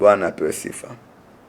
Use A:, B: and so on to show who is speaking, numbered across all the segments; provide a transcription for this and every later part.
A: Bwana apewe sifa.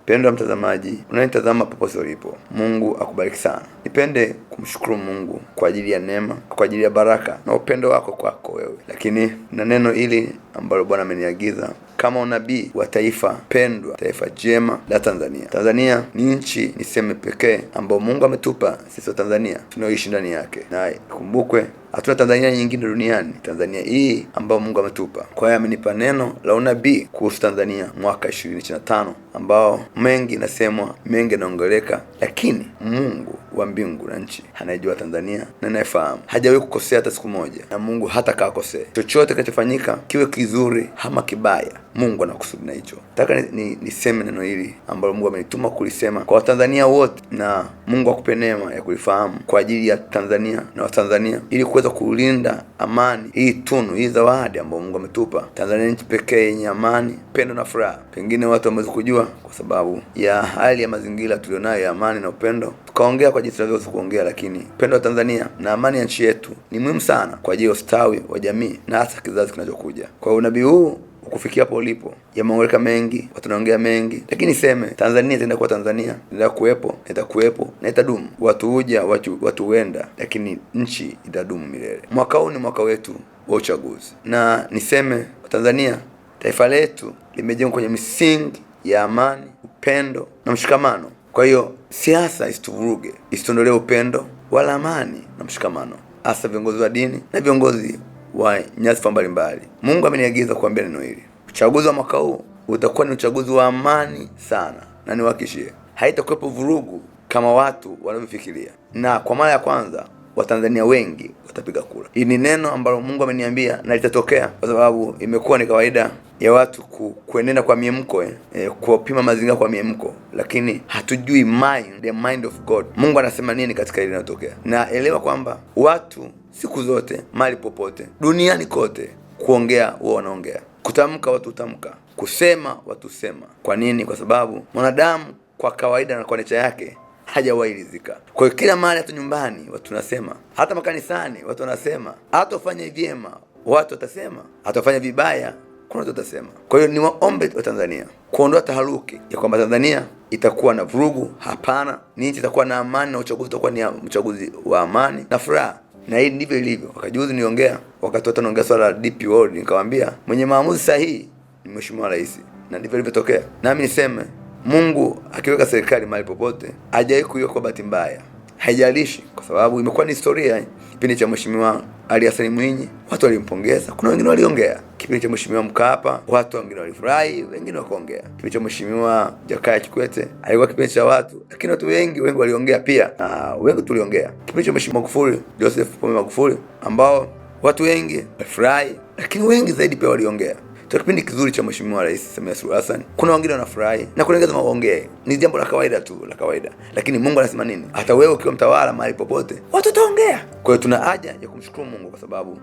A: pendwa mtazamaji unanitazama popote ulipo, Mungu akubariki sana. Nipende kumshukuru Mungu kwa ajili ya neema, kwa ajili ya baraka na upendo wako kwako wewe. Lakini na neno hili ambalo Bwana ameniagiza kama unabii wa taifa pendwa, taifa jema la Tanzania. Tanzania ni nchi niseme pekee ambayo Mungu ametupa sisi wa Tanzania tunaoishi ndani yake, naye kumbukwe hatuna Tanzania nyingine duniani, Tanzania hii ambayo Mungu ametupa. Kwa hiyo amenipa neno la unabii kuhusu Tanzania mwaka 2025 ambao mengi inasemwa, mengi inaongeleka, lakini Mungu wa mbingu na nchi, anayejua Tanzania na anayefahamu. Hajawahi kukosea hata siku moja, na Mungu hata kosea Chochote kinachofanyika kiwe kizuri ama kibaya, Mungu anakusudi na hicho. Nataka niseme ni, ni neno hili ambalo Mungu amenituma kulisema kwa Watanzania wote, na Mungu akupe neema ya kulifahamu kwa ajili ya Tanzania na Watanzania, ili kuweza kulinda amani hii, tunu hii, zawadi ambayo Mungu ametupa Tanzania, nchi pekee yenye amani, pendo na furaha. Pengine watu wameweza kujua kwa sababu ya hali ya mazingira tulionayo ya amani na upendo tukaongea kwa jinsi tunavyoweza kuongea, lakini upendo wa Tanzania na amani ya nchi yetu ni muhimu sana kwa ajili ya ustawi wa jamii na hasa kizazi kinachokuja. Kwa unabii huu ukufikia hapo ulipo, yameongeka mengi, watu naongea mengi, lakini niseme Tanzania itaenda kuwa Tanzania, itaenda kuwepo, itakuwepo na itadumu. Watu huja, watu watu huenda, lakini nchi itadumu milele. Mwaka huu ni mwaka wetu wa uchaguzi, na niseme Tanzania, taifa letu limejengwa kwenye misingi ya amani, upendo na mshikamano. Kwa hiyo Siasa isituvuruge, isituondolee upendo wala amani na mshikamano, hasa viongozi wa dini na viongozi wa nyadhifa mbalimbali. Mungu ameniagiza kuambia neno hili. Uchaguzi wa mwaka huu utakuwa ni uchaguzi wa amani sana, na niwakishie haitakuwepo vurugu kama watu wanavyofikiria, na kwa mara ya kwanza Watanzania wengi watapiga kura. Hii ni neno ambalo Mungu ameniambia na litatokea, kwa sababu imekuwa ni kawaida ya watu ku, kuenenda kwa miemko eh, kuwapima mazingira kwa miemko, lakini hatujui mind, the mind of God. Mungu anasema nini katika hili linalotokea? Na elewa kwamba watu siku zote, mahali popote, duniani kote, kuongea wao wanaongea, kutamka watu utamka kusema watu sema. Kwa nini? Kwa sababu mwanadamu kwa kawaida na kwa necha yake hajawahi rizika. Kwa hiyo kila mahali, hata nyumbani watu wanasema, hata makanisani watu wanasema, hata ufanye vyema watu watasema, hata ufanye vibaya kuna watu watasema. Kwa hiyo ni waombe wa Tanzania kuondoa taharuki ya kwamba Tanzania itakuwa na vurugu. Hapana, ni nchi itakuwa na amani na uchaguzi utakuwa ni uchaguzi wa amani na furaha na hii ndivyo ilivyo. Wakati juzi niongea, wakati watu wanaongea swala la DP World, nikamwambia mwenye maamuzi sahihi ni Mheshimiwa Rais, na ndivyo ilivyotokea. Nami niseme Mungu akiweka serikali mahali popote hajawahi kuiweka kwa bahati mbaya, haijalishi, kwa sababu imekuwa ni historia. Kipindi cha Mheshimiwa Ali Hassan Mwinyi watu walimpongeza, kuna wengine waliongea. Kipindi cha Mheshimiwa Mkapa watu wengine walifurahi, wengine wakaongea. Kipindi cha Mheshimiwa Jakaya Kikwete alikuwa kipindi cha watu, lakini watu wengi wengi waliongea pia na wengi tuliongea. Kipindi cha Mheshimiwa Magufuli, Joseph Pombe Magufuli, ambao watu wengi walifurahi, lakini wengi zaidi pia waliongea cha kipindi kizuri cha Mheshimiwa Rais Samia Suluhu Hassan. Kuna wengine wanafurahi na kuna wengine waongee, ni jambo la kawaida tu la kawaida, lakini Mungu anasema nini? Hata wewe ukiwa mtawala mahali popote, watu wataongea. Kwa hiyo tuna haja ya kumshukuru Mungu kwa sababu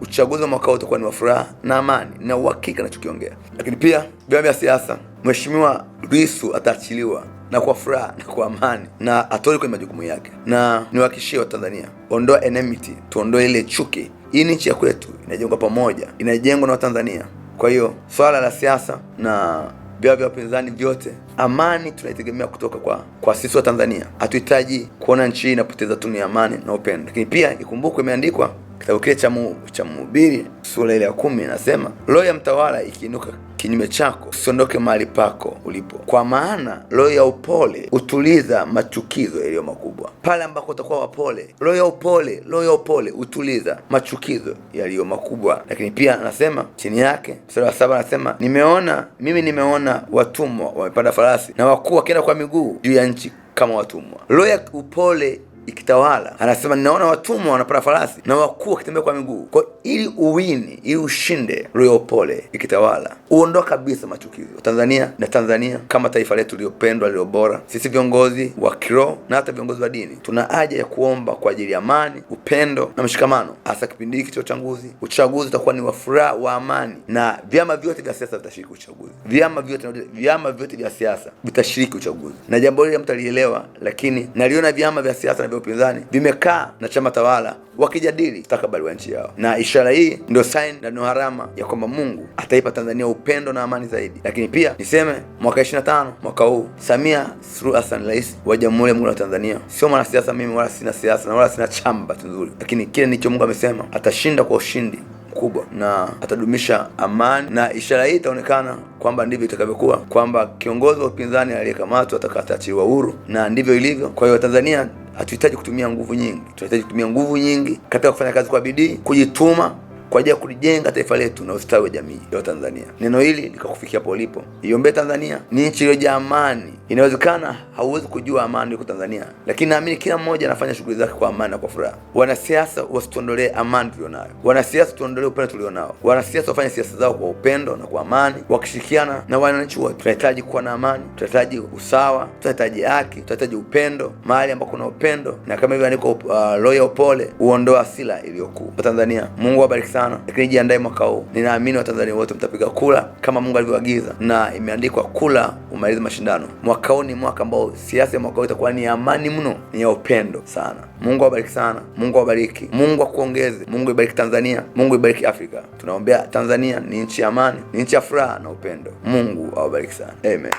A: uchaguzi wa mwaka huu utakuwa ni wa furaha na amani na uhakika nachokiongea. Lakini pia vyama vya siasa, Mheshimiwa Lissu ataachiliwa na kwa furaha na kwa amani na atori kwenye majukumu yake, na niwahakikishie Watanzania, ondoa enmity, tuondoe ile chuki. Hii ni nchi ya kwetu, inajengwa pamoja, inajengwa na Watanzania. Kwa hiyo swala la siasa na vyama vya upinzani vyote, amani tunaitegemea kutoka kwa kwa sisi wa Tanzania. Hatuhitaji kuona nchi inapoteza tunu ya amani na upendo, lakini pia ikumbukwe, imeandikwa kitabu kile cha cha Mhubiri sura ile ya kumi inasema, roho ya mtawala ikiinuka kinyume chako usiondoke mahali pako ulipo, kwa maana roho ya upole hutuliza machukizo yaliyo makubwa. Pale ambako utakuwa wapole, roho ya upole, roho ya upole hutuliza machukizo yaliyo makubwa. Lakini pia anasema chini yake, mstari wa saba anasema, nimeona mimi, nimeona watumwa wamepanda farasi na wakuu wakienda kwa miguu juu ya nchi kama watumwa. Roho ya upole ikitawala, anasema ninaona watumwa wanapanda farasi na wakuu wakitembea kwa miguu. Kwa ili uwini, ili ushinde Royal Pole ikitawala, uondoa kabisa machukizo Tanzania na Tanzania kama taifa letu liliopendwa lililo bora. Sisi viongozi wa kiroho na hata viongozi wa dini tuna haja ya kuomba kwa ajili ya amani, upendo na mshikamano, hasa kipindi hiki cha uchaguzi. Uchaguzi utakuwa ni wa furaha, wa amani, na vyama vyote vya siasa vitashiriki uchaguzi. Vyama vyote, vyama vyote vya siasa vitashiriki uchaguzi, na jambo hili mtalielewa, lakini naliona vyama vya siasa vya upinzani vimekaa na chama tawala wakijadili mustakabali wa nchi yao, na ishara hii ndio sign na ndio harama ya kwamba Mungu ataipa Tanzania upendo na amani zaidi. Lakini pia niseme mwaka 25 mwaka huu Samia Suluhu Hassan, rais wa Jamhuri ya Muungano wa Tanzania, sio mwanasiasa mimi, wala sina siasa na wala sina chamba nzuri, lakini kile nicho Mungu amesema atashinda kwa ushindi kubwa na atadumisha amani, na ishara hii itaonekana kwamba ndivyo itakavyokuwa, kwamba kiongozi wa upinzani aliyekamatwa atakataachiliwa huru, na ndivyo ilivyo. Kwa hiyo Tanzania hatuhitaji kutumia nguvu nyingi, tunahitaji kutumia nguvu nyingi katika kufanya kazi kwa bidii, kujituma kwa ajili ya kulijenga taifa letu na ustawi wa jamii ya Tanzania. Neno hili likakufikia hapo ulipo. Iombee Tanzania, ni nchi iliyojaa amani. Inawezekana hauwezi kujua amani huko Tanzania, lakini naamini kila mmoja anafanya shughuli zake kwa amani na kwa furaha. Wanasiasa wasituondolee amani tulionayo, wanasiasa tuondolee upendo tulionao, wanasiasa wafanye siasa zao kwa upendo na kwa amani, wakishirikiana na wananchi wote. Tunahitaji kuwa na amani, tunahitaji usawa, tunahitaji haki, tunahitaji upendo, mahali ambako kuna upendo, na kama hivyo andiko uh, roho ya upole huondoa hasira iliyokuwa. Tanzania, Mungu awabariki sana tano, lakini jiandae mwaka huu. Ninaamini Watanzania wote mtapiga kura kama Mungu alivyoagiza, na imeandikwa kula umalize mashindano. Mwaka huu ni mwaka ambao siasa ya mwaka huu itakuwa ni amani mno, ni ya upendo sana. Mungu awabariki sana, Mungu awabariki, Mungu akuongeze, Mungu ibariki Tanzania, Mungu ibariki Afrika. Tunaombea Tanzania, ni nchi ya amani, ni nchi ya furaha na upendo. Mungu awabariki sana, amen.